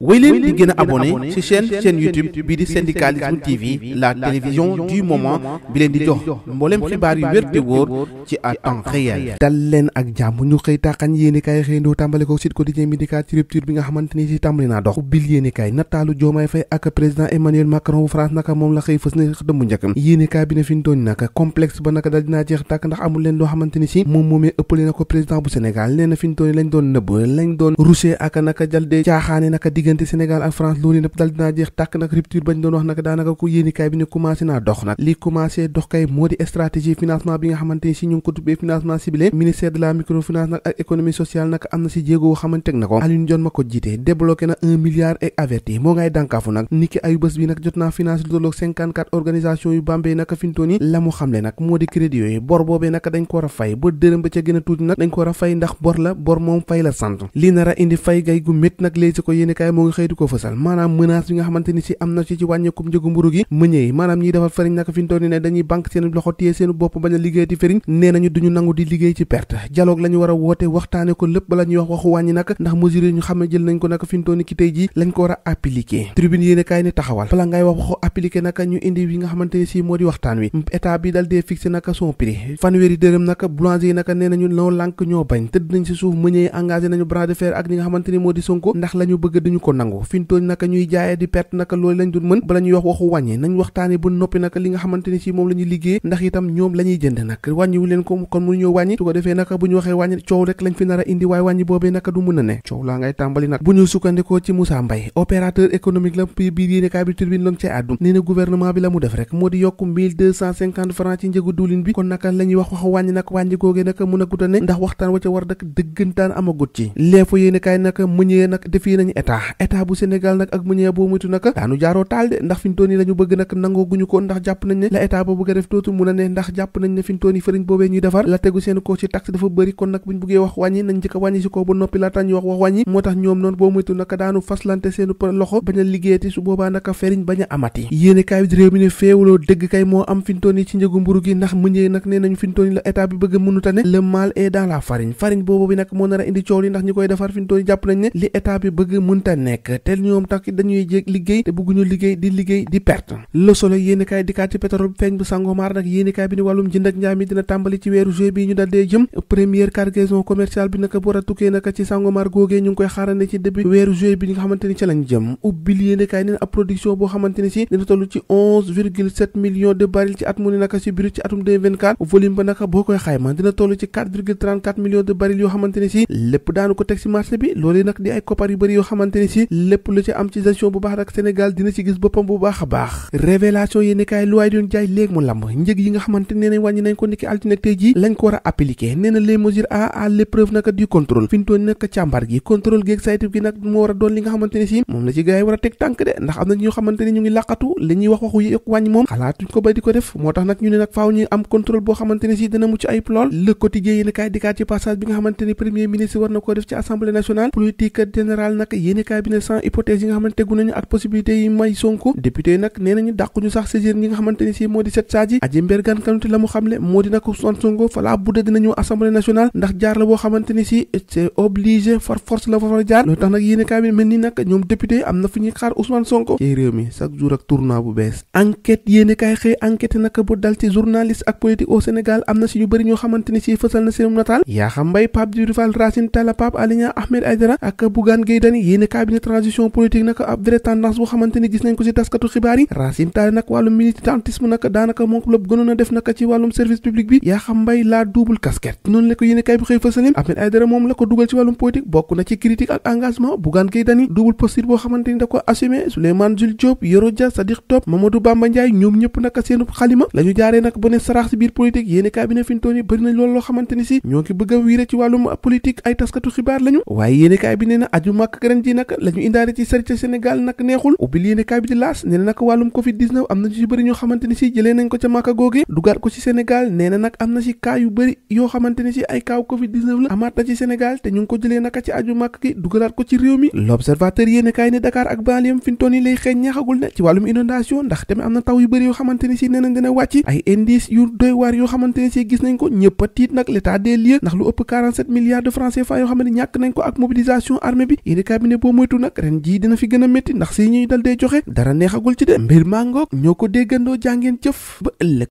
wéy di gën a ci chaîne chaîne YouTube bii di syndicalisme TV la télévision du moment bi leen di jox mboolem xibaar yu wér wóor ci à temps dal leen ak jàmm ñu xëy taaxañ yéenekaay xëy ndoo tàmbale ko Sud Quotidien bi dikaat ci rupture bi nga xamante ci tàmbali naa dox ubbil yéenekaay nataalu Diomaye Faye ak président Emmanuel Macron bu France naka moom la xëy fës ne sax dëmbu njëkkam bi ne fi naka complexe ba naka dal di diggante Sénégal ak France loolu dal dinaa jeex tàkk nag rupture bañ doon wax nag daanaka ko yéenikaay bi ne commencé naa dox nag li commencé nag am na si jéego woo xamante teg na ko Alioune Dione bi nag jot naa financé lu tolloog 54 organisation yu Bambey nag fintoon la mu xamle nag moo di crédit yooyu bor boobee nag dañ ko war a fay ba dërëm ba ca gën a tuuti nag dañ ko war a fay ndax bor la bor moom fay la sant li nar indi fay gay gu métti yéenekaay moo ngi xëy di ko fësal maanaam menace bi nga xamante si am na ci ci wàññeekum mburu gi mëñëey maanaam ñiy defar fariñ naka fi ne dañuy banque seen loxo téye seen bopp bañ ne jël wax waxu appliquer naka ñu indi yi nga xamante si moo di waxtaan wi état bi dal dee fixé naka son prix fanweeri dërëm naka boulanger yi naka nee nañu noo lànk ñoo bañ tëdd nañ si suuf mëñëey engagé nañu bras de fer ak ñi nga xamante moo di Sonko ndax lañu bëgg ko nangu fintoon naka ñuy jaaye di perte naka loolu lañ dul mën bala ñuy wax waxu wàññe nañ waxtaane ba noppi naka li nga xamante ni ci moom la ñuy liggéey ndax itam ñoom la ñuy jënd nag wàññiwu leen ko kon mënu ñoo wàññi su ko defee naka bu ñu waxee wàññi coow rek lañ fi a indi waaye wàññi boobee naka du mën a ne coow laa ngay tàmbali nag bu ñu sukkandikoo ci Moussa Mbaye opérateur économique la biir bi turbine lañ ci na gouvernement bi la mu def rek moo di yokk 1250 francs ci njëgu diwlin bi kon naka la googee naka mën a guta ne ndax waxtaan wa war nag dëggantaan amagut ci leefo yéenekaay naka mëñee nag defee nañu état état bu Sénégal nag ak meunier boo moytu nag daanu jaaroo taal de ndax fintoon yi lañu bëgg nag nangoo guñu ko ndax jàpp nañ ne la état ba kay moo am fintoon yi ci njëgu mburu gi ndax meunier nag nee nañu fintoon yi la état bi bëgg mënuta ne le mal est dans la boobu bi nag moo nar a indi coow li ndax ñi koy defar fintoon yi jàpp nañ ne li état bi bëgg mënta ne nekk te ñoom takk dañuy jéeg liggéey te bëgguñu liggéey di liggéey di perte Le Soleil yéeni dina tàmbali ci weeru juillet bi ñu daldee jëm première cargaison commerciale bi naka war a tukkee naka ci Sangomar googee ñu ngi koy xaarane ci début weeru juillet bi nga xamante ci lañ jëm ubbil yéeni kaay ab production boo xamante ni dina toll ci 11,7 millions de barils ci at mu ne naka si brut ci atum 2024 volume ba naka boo si lépp lu ci am ci gestion bu baax rek Sénégal dina ci gis boppam bu baax a baax révélation yéeni lu waay doon jaay léegi mu lamb njëg yi nga xamante nee wàññi nga xamante ne moom la ci gars war a teg tànk de ndax am na ñoo xamante ñu ngi làqatu li wax waxu yëg wàññ moom xalaatuñ ko ba ko def moo tax nag ñu ne nag faaw ñu am contrôle boo xamante ne dana mucc ayib lool le quotidien yéeni kaay dikaat ci passage bi nga xamante ne cabinet sans hypothèse yi nga xamante si moo di set saaj yi aji mbergaan kanute la mu xamle moo di nag Ousmane Sonko falaa budda dinañu assemblée nationale ndax jaar la boo xamante si c'est obligé far force la fa far jaar loolu tax nag yéene kaay xëy enquête nag bu dal ci journaliste ak politique au Sénégal am na si ñu bëri ñoo xamante si fësal na seen nataal yaa xam mbay Pape Djibril Fall Racine Talla Pape Alé Niang Ahmed Aïdara ak Bougane Gueye Dany yéene cabinet transition politique naka ab tendance boo xamante gis nañ ko ci taskatu xibaar yi Racine Tall nag wàllum militantisme naka daanaka moom la gënoon a def naka ci wàllum service public bi yaa xam mbay la double casquette noonu la ko yéene bi xëy fësalil Ahmed Aïdara moom la ko dugal ci wàllum politique boo xamante da ko assumé Souleymane Jules Diop Yoro Dia Sadiq Top Mamadou Bamba Ndiaye ñoom ñëpp naka seenub xalima la jaaree nag nag la ñu indaale ci Sénégal nag neexul covid 19 am na ci bëri ñoo xamante ci bëri yoo xamante ni ay kaaw covid 19 la amaat na ci Sénégal te ñu ko jëlee naka ci aju ko ci réew mi ci wàllum inondation ndax tamit am na taw yu bëri yoo xamante ni si nee nañ dina ay indice yu doy waar yoo xamante ni gis nañ ko ñëpp tiit nag l'état des lieux ndax lu ëpp milliards de francs CFA yoo xamante ñàkk nañ ko ak mobilisation armée bi yéene moytu nag ren jii dina fi gën a métti ndax si ñuy dal dee joxe dara neexagul ci de mbir maa ngoog ñoo ko déggandoo jàngeen jëf ba ëllëg